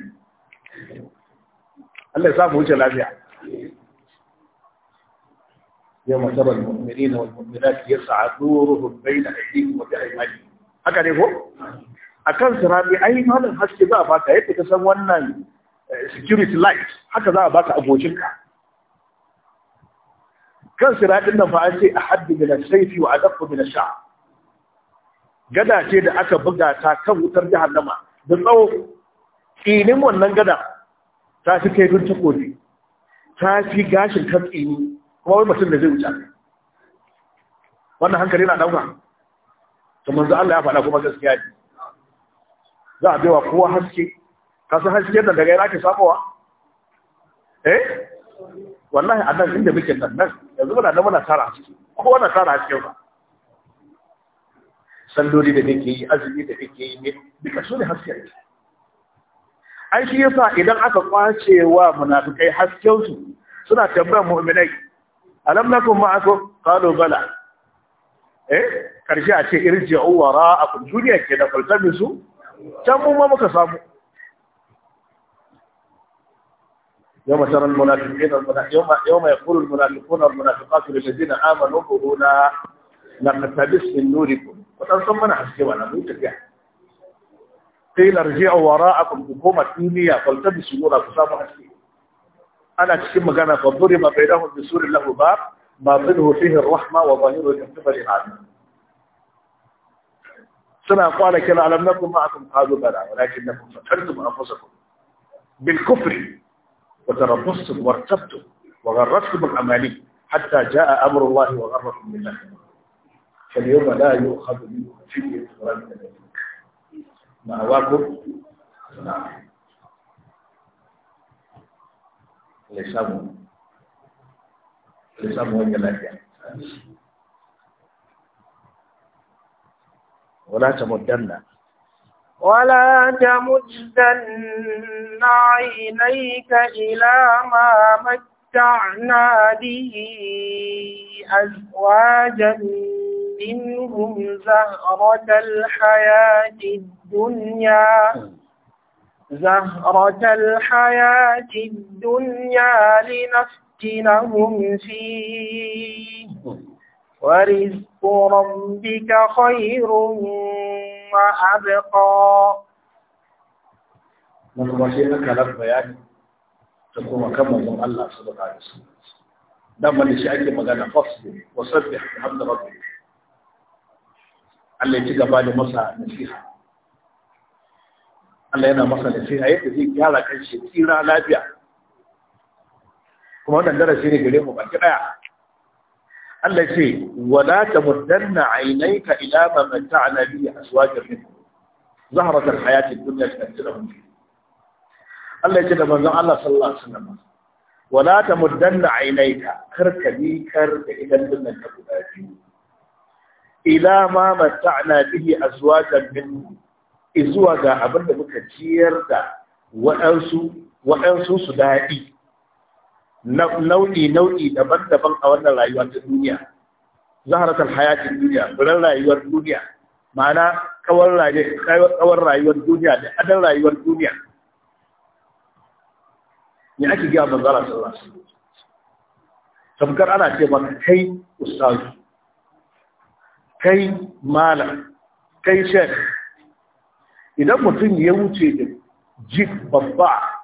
Allah ya sa mu wuce lafiya na يوم ترى المؤمنين والمؤمنات bai نورهم بين أيديهم وبأيمانهم haka ne ko a kan sirami ai malin haske za a baka yadda ka san wannan eh, security light haka za a baka abokinka kan siratin nan fa ce a haddi min as-sayfi wa adaqqu min ash-sha'r gada ce da aka buga ta kan wutar jahannama da tsawo tsinin wannan gada ta fi kai dun takobi ta fi gashin kan tsini kuma wai mutum da zai wuce wannan hankali na dauka to manzo Allah ya faɗa kuma gaskiya ne za a bewa kowa haske ka san haske da daga yana ke samowa eh wallahi a nan inda muke nan nan yanzu muna da muna tara ciki ko na tara a cikin ba da nake yi azumi da nake yi ne duka su ne haske ake an shi yasa idan aka kwace wa munafikai su suna tambayar mu'minai alam nakum ma'akum qalu bala eh karshe a ce irji'u wara'akum duniya ke da su. can mu ma muka samu يوم ترى المنافقين يوم يوم يقول المنافقون والمنافقات للذين امنوا هنا نقتبس من نوركم وتنصم من حسكوا انا بقول قيل ارجعوا وراءكم بقوم الدنيا فالتبسوا نور فصابوا حسكوا انا تشم كان فضرب بينهم بسور له باب باطنه فيه الرحمه وظاهره من قبل العالم سنة قال كلا لم نكن معكم قالوا بلى ولكنكم فتنتم انفسكم بالكفر وتربصتم وارتبتم وغرتكم الأماني حتى جاء أمر الله وغركم بالله فاليوم لا يؤخذ منكم فدية ولا من مأواكم نعم ليس سامو ليس سامو ولا تمدن ولا تمدن عينيك إلى ما متعنا به أزواجا منهم زهرة الحياة الدنيا زهرة الحياة الدنيا لنفتنهم فيه ورزق ربك خير وأبقى من وسيلة كلام بيان تقوم كما من الله صلى الله عليه وسلم دم اللي شاكي مغانا فصل وصبح بحمد ربك Allah ya ci gaba da masa nasiha Allah yana masa nasiha yadda zai gyara kanshi tsira lafiya kuma wannan darasi ne gare mu baki daya Allah ce wala tamuddanna aynayka ila ma mata'na bi azwajin minhum zaharat alhayat ad-dunya tanzilahum Allah ce da manzon Allah sallallahu alaihi wasallam wala tamuddanna ka karkali kar da idan dunnan ka guda biyu ila ma mata'na a azwajan minhum izuwa ga abin da muka ciyar da waɗansu su daɗi nau'i nau'i daban-daban a wannan rayuwa ta duniya zaharatul hayatin duniya buran rayuwar duniya ma'ana kawar rayuwar duniya da adan rayuwar duniya ne ake gaya manzara sallallahu alaihi wasallam tamkar ana ce ba kai ustazu kai malam kai shek idan mutum ya wuce da jik babba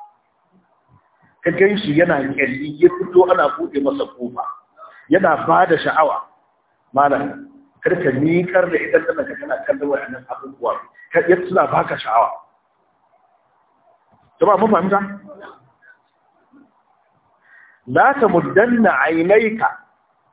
ka gan shi yana kyalli ya fito ana buɗe masa kofa yana ba da sha'awa malam karka miƙar da idan tana ka kana kallon waɗannan abubuwa ya suna baka sha'awa ba mun fahimta la ta muddanna ainaika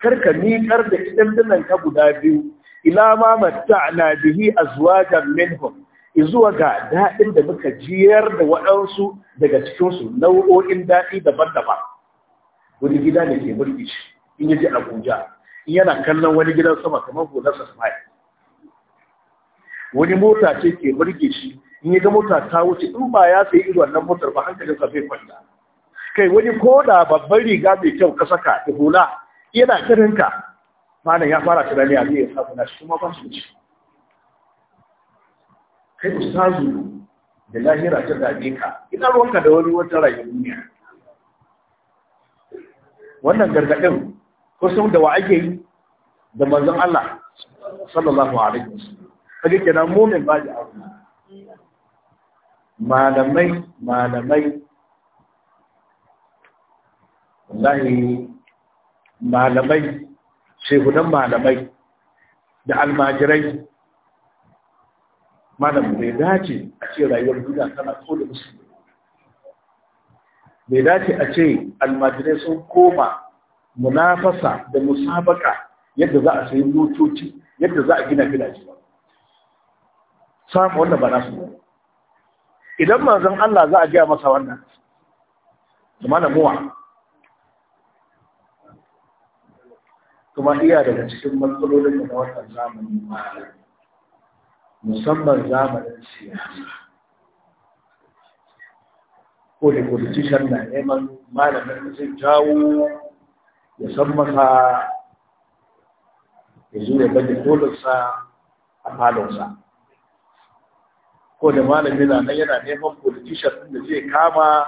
karka miƙar da idan tana ka guda biyu ila ma matta'na bihi azwajan minhum izuwa ga daɗin da muka jiyar da waɗansu daga cikinsu nau'o'in daɗi daban-daban wani gida da ke mulki shi in ji abuja in yana kallon wani gidan sama kamar gonarsa samai wani mota ce ke mulki shi in ya ga mota ta wuce in ba ya sayi irin wannan motar ba ka zai kwanta kai wani koda babban riga mai kyau ka saka da hula yana kirinka malam ya fara tunani a zai ya samu na shi kuma ba su ci kai ustazu da lahira ta dade ka ina ruwanka da wani wata rayu duniya wannan gargaɗin sun da wa ake yi da manzon Allah sallallahu alaihi wasallam kaje kenan mu'min ba da abu malamai malamai wallahi malamai shehunan malamai da almajirai malam bai dace a ce rayuwar duniya tana ko da musulmi bai dace a ce almajirai sun koma munafasa da musabaka yadda za a sayi motoci yadda za a gina gidaje samu wannan ba nasu ba idan manzon Allah za a gaya masa wannan kuma na muwa kuma iya daga cikin matsalolin da na wannan zamani musamman zamanin siyasa ko da politician na neman malamin da zai jawo ya san masa ya zo ya bada dolarsa a falonsa ko da malamin na nan yana neman politician da zai kama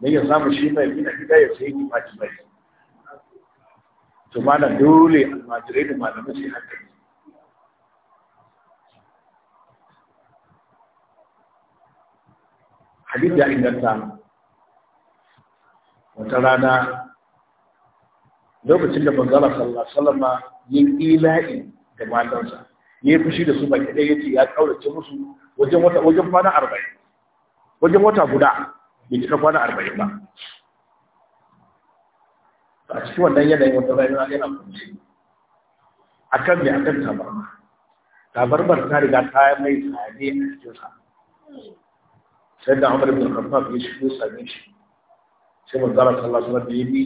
don ya samu shi mai gina gida ya sayi kimaki mai to malam dole almajirai da malamin sai hankali hadith ya inganta wata rana lokacin da manzala sallallahu sallama yin ila'i da matansa ya yi fushi da su baki ɗaya ya ce ya ƙaurace musu wajen wata wajen kwana arba'in wajen wata guda bai cika kwana arba'in ba a cikin wannan yanayin wata rana yana kunce a kan mai a kan tabarma tabarmar ta riga ta mai tsade a cikinsa sai da Umar ibn Khattab ya shigo same shi sai manzo Allah sallallahu alaihi da ya bi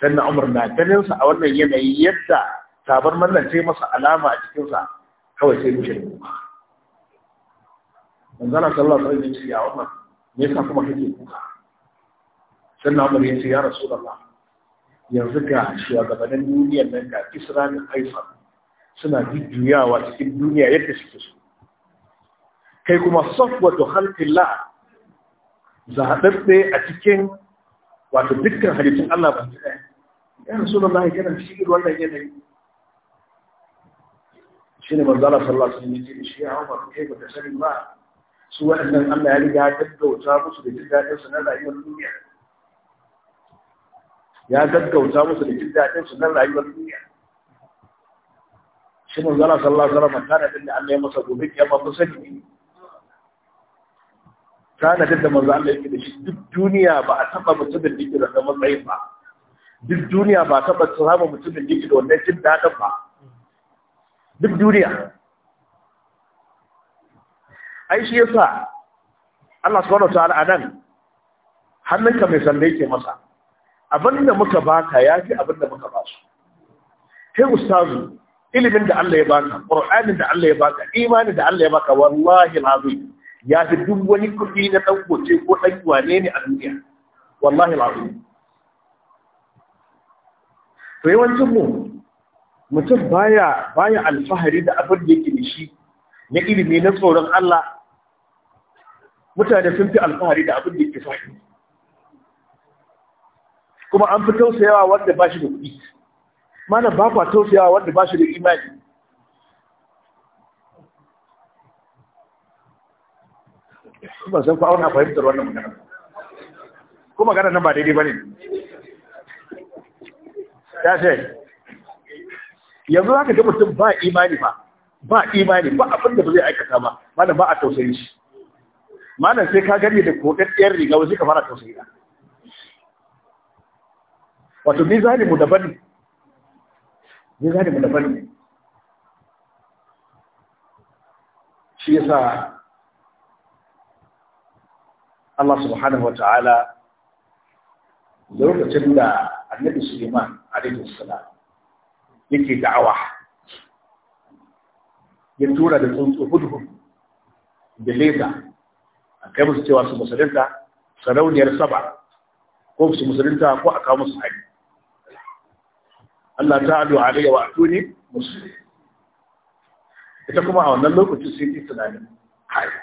sai na Umar na ganin a wannan yanayi yadda tabar mallan sai masa alama a cikin kawai sai mishi kuka manzo Allah sallallahu alaihi da ya ce ya wannan me yasa kuma kake kuka sai na Umar ya ce ya Rasulullah yanzu ga shugabannin duniyar nan ga Isra da Kaisar suna jujjuyawa cikin duniya yadda suke so kai kuma safwatu khalqillah zaɓaɓɓe a cikin wato dukkan halittun Allah ba ta ɗaya ya rasulullahi yana cikin wannan yanayi shi ne manzala sallallahu alaihi wasallam shi ya hawa kai ba ta sani ba su waɗannan Allah ya riga ya gaggauta musu da jin daɗin su na rayuwar duniya ya gaggauta musu da jin daɗin su na rayuwar duniya shi manzala sallallahu alaihi wasallam kana da Allah ya masa gobe kiyama ba sani tanadin da manzo Allah yake da shi duk duniya ba a taba mutumin da yake da matsayin ba duk duniya ba a taba samu mutumin da yake da wannan jin dadin ba duk duniya ai shi yasa Allah subhanahu wataala anan ka mai sanda yake masa abinda muka baka yafi abinda muka ba su kai ustazu ilimin da Allah ya baka qur'anin da Allah ya baka imanin da Allah ya baka wallahi alazim ya fi duk wani kuɗi na ɗan goce ko ɗan wane ne a duniya wallahi al'azim to yawancin mu mutum baya baya alfahari da abin da yake da shi na ilimi na tsoron Allah mutane sun fi alfahari da abin da yake faɗi kuma an fi tausayawa wanda ba shi da kuɗi mana ba kwa tausayawa wanda ba shi da imani ba san ku auna fahimtar wannan magana ko magana nan ba daidai ba ne. ya ce yanzu haka ga mutum ba imani ba ba imani ba abin da ba zai aikata ba malam ba a tausayi. shi malam sai ka gani da kodaddiyar riga wasu ka fara tausayi da wato ni mu daban ne ni mu daban ne shi yasa Allah subhanahu wa ta'ala lokacin da annabi Suleiman alaihi salam yake da'awa ya tura da tsuntsu hudhud da leda a kai musu cewa su musulunta sarauniyar saba ko su musulunta ko a kawo musu hari Allah ta adu alayya wa atuni musulmi ita kuma a wannan lokacin sai ta tunanin hari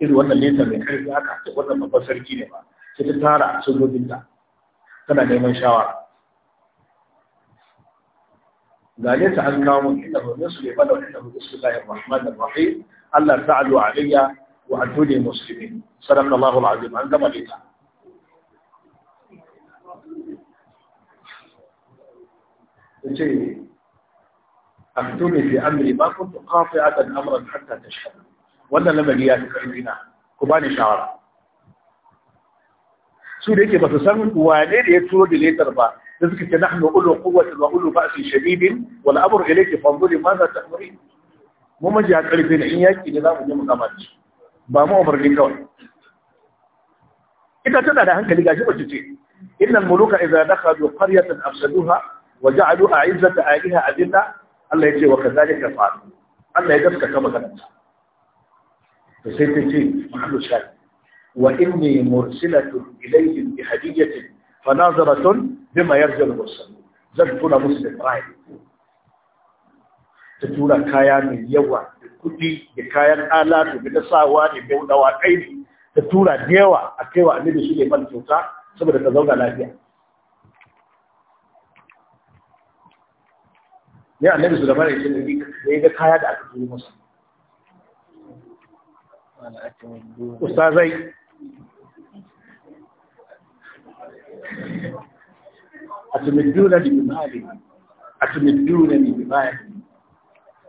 irin wannan letar mai karfi aka ce wannan babban sarki ne ba sai ta tara sojojinta tana neman shawara ga leta an kawo mun inda hudu su ne bada wani da hudu su lahi rahman da rahim Allah ta'alu alayya wa atuni muslimin sadaka Allahu alazim an gama leta yace aktuni fi amri ma kuntu qati'atan amran hatta tashhadu wannan lamari ya fi ƙarfi na ku bani shawara su da yake ba su san wane da ya turo da letar ba da suka ce nahnu ulu quwwatin wa ulu ba'sin shadidin wal amru ilayki fanzuri ma za ta'muri mu maji a karfi da in yaki za mu je mu kama shi ba mu umarni kawai ita tana da hankali gashi ba ce innal muluka idza dakhalu qaryatan afsaduha wa ja'alu a'izzata ahliha adilla Allah ya ce wa kadhalika fa'al Allah ya gaskata maganarsa to sai ta ce mahlu shahid wa inni mursilatun ilayhim bi hadiyatin fa nazaratun bima yarja al mursalun zan tura musu da ibrahim ta tura kaya mai yawa da kuɗi da kayan alatu da na sawa da da dawakai ne ta tura da yawa a kaiwa annabi su ne man kyauta saboda ta zauna lafiya ya annabi su da mara yake da ya ga kaya da aka turo masa استاذي أتمدونني بمالي أتمدونني بمالي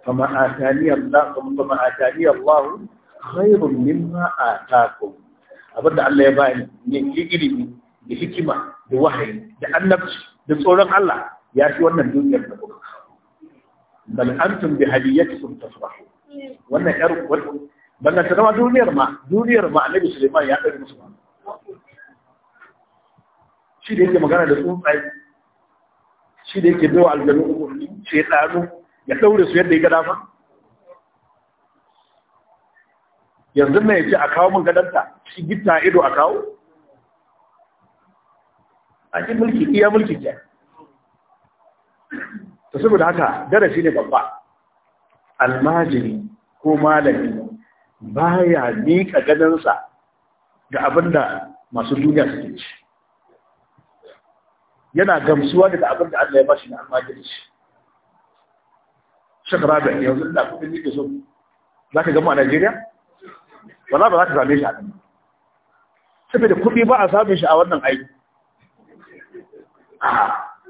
فما آتاني الله فما آتاني الله خير مما آتاكم أبدا الله من يجري بحكمة بوحي لأنك بصورة الله يا شو أن الدنيا بل أنتم بهديتكم تفرحون وأنا أرى ballanta zama duniyar ma duniyar ma annabi suleiman ya ɗari musu ba shi da yake magana da tsuntsaye shi da yake bewa aljanu umarni ce ɗanu ya ɗaure su yadda ya gada fa yanzu na ya ce a kawo min gadanta shi gitta ido a kawo an yi mulki iya mulki ke ta saboda haka darasi ne babba almajiri ko malami ya miƙa ganinsa ga abin da masu duniya suke ci yana gamsuwa daga abin da Allah ya bashi na almajirci shaka rabin yanzu da kudin yake so za ka gama a Najeriya? wala ba za ka same shi a nan saboda kudi ba a samun shi a wannan aiki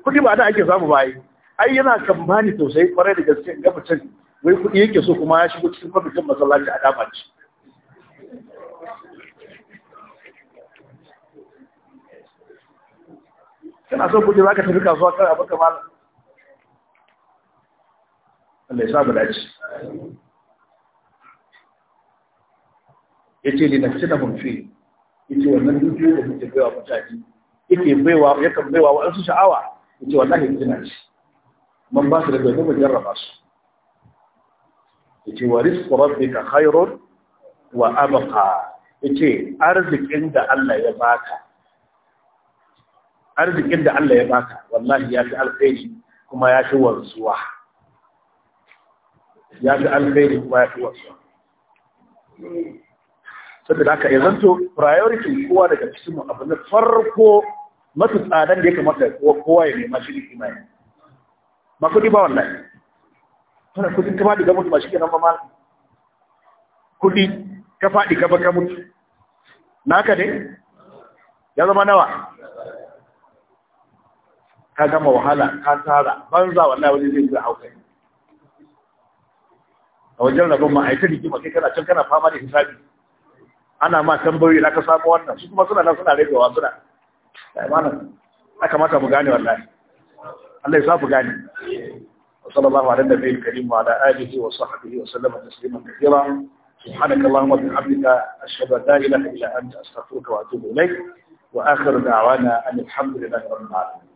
kudi ba da ake samu ba ai ai yana kan bani tausayi kwarai da gaske ga can. wai kuɗi yake so kuma ya shigo cikin kwamitin masallaci a dama ce kana son kuɗi za ka tafi kasuwa kan abin kamar Allah ya sa mu dace yace ne nafsi da mun fi yace wannan dukiyo da muke baiwa mutane yake baiwa yakan baiwa wa'ansu su sha'awa yace wallahi kina ci man ba su da domin mun jarraba su yace wa rizqu rabbika khairun wa abqa yace arzikin da Allah ya baka arzikin da Allah ya baka wallahi ya fi alkhairi kuma ya fi wanzuwa ya fi alkhairi kuma ya fi wanzuwa saboda haka ya zanto priority kowa daga cikin mu abu na farko mafi tsadan da ya kamata kowa ya nema shi ne imani ba ba wallahi tana kudin ka faɗi ka mutu ba shi kenan ba malam kudi ka faɗi ka baka mutu naka ne ya zama nawa ka gama wahala ka tara banza wallahi wani zai zai hauka a wajen rabon ma'aikata rigima kai kana can kana fama da hisabi ana ma tambayoyi na ka samu wannan su kuma suna nan suna rabewa suna da mana aka mata mu gane wallahi Allah ya sa ku gane وصلى الله على النبي الكريم وعلى آله وصحبه وسلم تسليما كثيرا سبحانك اللهم وبحمدك أشهد أن لا إله إلا أنت أستغفرك وأتوب إليك وآخر دعوانا أن الحمد لله رب العالمين